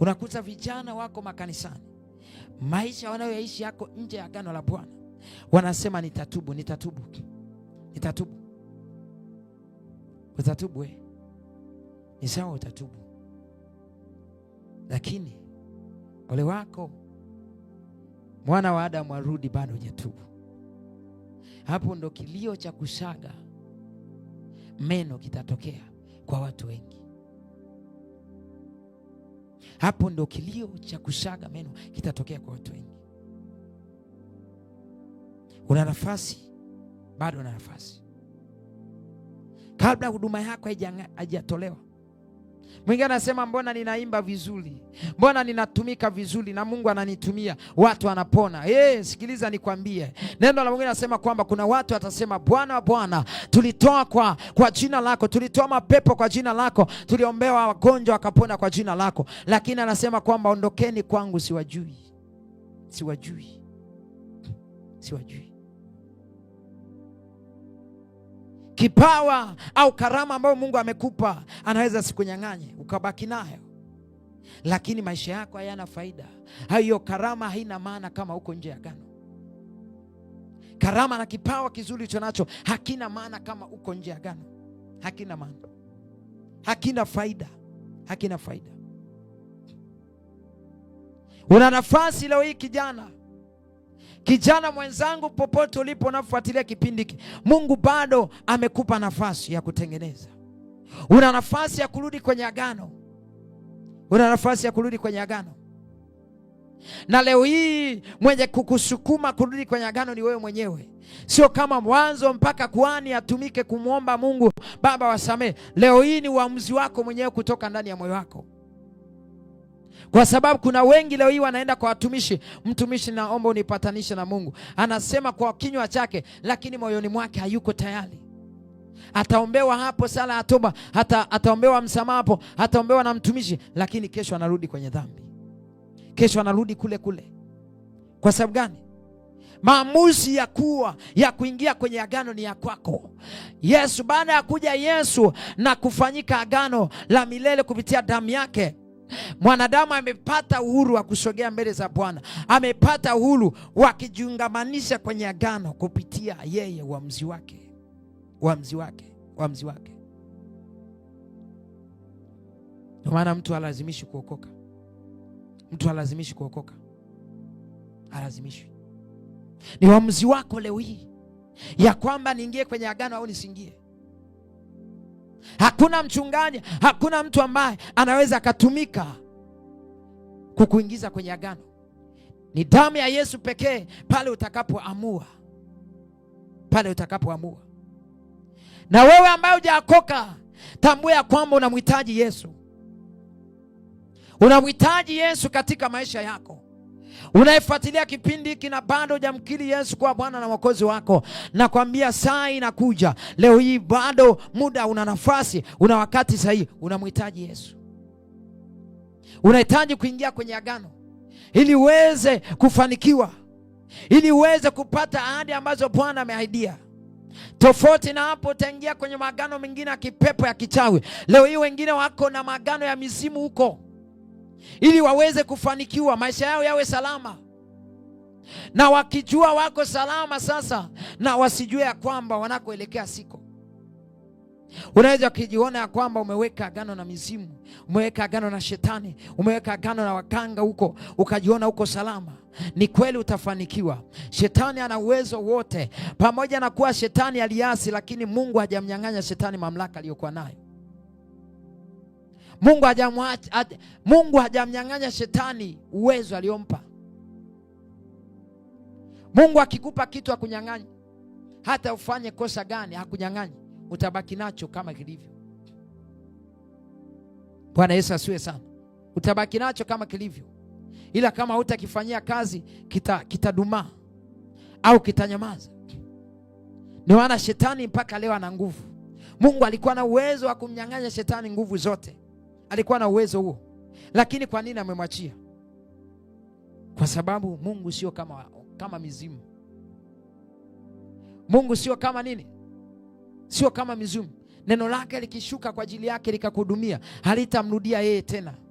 Unakuta vijana wako makanisani, maisha wanayoishi yako nje ya agano la Bwana. Wanasema nitatubu, nitatubu, nitatubu, utatubu. Eh, ni sawa, utatubu, lakini ole wako, mwana wa Adamu arudi, bado hujatubu. Hapo ndo kilio cha kusaga meno kitatokea kwa watu wengi. Hapo ndo kilio cha kusaga meno kitatokea kwa watu wengi. Una nafasi, bado una nafasi, kabla huduma yako haijatolewa Mwingine anasema mbona ninaimba vizuri, mbona ninatumika vizuri na Mungu ananitumia, watu wanapona. Hey, eh, sikiliza nikwambie, neno la Mungu linasema kwamba kuna watu watasema, Bwana Bwana, tulitoa kwa, kwa jina lako, tulitoa mapepo kwa jina lako, tuliombewa wagonjwa wakapona kwa jina lako. Lakini anasema kwamba ondokeni kwangu, siwajui, siwajui, siwajui. kipawa au karama ambayo Mungu amekupa anaweza sikunyang'anye ukabaki nayo, lakini maisha yako hayana faida. Hiyo karama haina maana kama uko nje ya agano. Karama na kipawa kizuri chonacho hakina maana kama uko nje ya agano, hakina maana, hakina faida, hakina faida. Una nafasi leo hii kijana Kijana mwenzangu, popote ulipo unafuatilia kipindi hiki, Mungu bado amekupa nafasi ya kutengeneza. Una nafasi ya kurudi kwenye agano, una nafasi ya kurudi kwenye agano. Na leo hii mwenye kukusukuma kurudi kwenye agano ni wewe mwenyewe, sio kama mwanzo mpaka kuani atumike kumwomba Mungu Baba wasamehe. Leo hii ni uamuzi wako mwenyewe kutoka ndani ya moyo wako kwa sababu kuna wengi leo hii wanaenda kwa watumishi, mtumishi, naomba unipatanishe na Mungu. Anasema kwa kinywa chake, lakini moyoni mwake hayuko tayari. Ataombewa hapo sala ya toba, hata ataombewa msamaha hapo, ataombewa na mtumishi, lakini kesho anarudi kwenye dhambi, kesho anarudi kule kule. Kwa sababu gani? Maamuzi ya kuwa ya kuingia kwenye agano ni ya kwako Yesu. Baada ya kuja Yesu na kufanyika agano la milele kupitia damu yake Mwanadamu amepata uhuru wa kusogea mbele za Bwana, amepata uhuru wa kujiungamanisha kwenye agano kupitia yeye, uamuzi wake, uamuzi wake, uamuzi wake. Ndio maana mtu alazimishi kuokoka, mtu alazimishi kuokoka, alazimishi Ni uamuzi wako leo hii ya kwamba niingie kwenye agano au nisiingie. Hakuna mchungaji, hakuna mtu ambaye anaweza akatumika kukuingiza kwenye agano. Ni damu ya Yesu pekee pale utakapoamua, pale utakapoamua. Na wewe ambaye hujaakoka, tambua ya kwamba unamhitaji Yesu, unamhitaji Yesu katika maisha yako. Unayefuatilia kipindi hiki na bado jamkili Yesu kuwa Bwana na Mwokozi wako, nakwambia saa inakuja. Leo hii bado muda, una nafasi, una wakati sahihi. Unamhitaji Yesu, unahitaji kuingia kwenye agano ili uweze kufanikiwa, ili uweze kupata ahadi ambazo Bwana ameahidia. Tofauti na hapo utaingia kwenye maagano mengine ya kipepo ya kichawi. Leo hii wengine wako na maagano ya mizimu huko ili waweze kufanikiwa, maisha yao yawe salama, na wakijua wako salama sasa, na wasijue ya kwamba wanakoelekea siko. Unaweza ukijiona ya kwamba umeweka agano na mizimu, umeweka agano na shetani, umeweka agano na wakanga huko, ukajiona huko salama. Ni kweli utafanikiwa. Shetani ana uwezo wote, pamoja na kuwa shetani aliasi, lakini Mungu hajamnyang'anya shetani mamlaka aliyokuwa nayo. Mungu hajamwacha, Mungu hajamnyang'anya shetani uwezo aliompa. Mungu akikupa kitu hakunyang'anyi, hata ufanye kosa gani hakunyang'anyi, utabaki nacho kama kilivyo. Bwana Yesu asiwe sana, utabaki nacho kama kilivyo, ila kama hutakifanyia kazi kitadumaa, kita au kitanyamaza. Ndio maana shetani mpaka leo ana nguvu. Mungu alikuwa na uwezo wa kumnyang'anya shetani nguvu zote, alikuwa na uwezo huo, lakini kwa nini amemwachia? Kwa sababu Mungu sio kama, kama mizimu. Mungu sio kama nini? Sio kama mizimu. Neno lake likishuka kwa ajili yake likakuhudumia, halitamrudia yeye tena.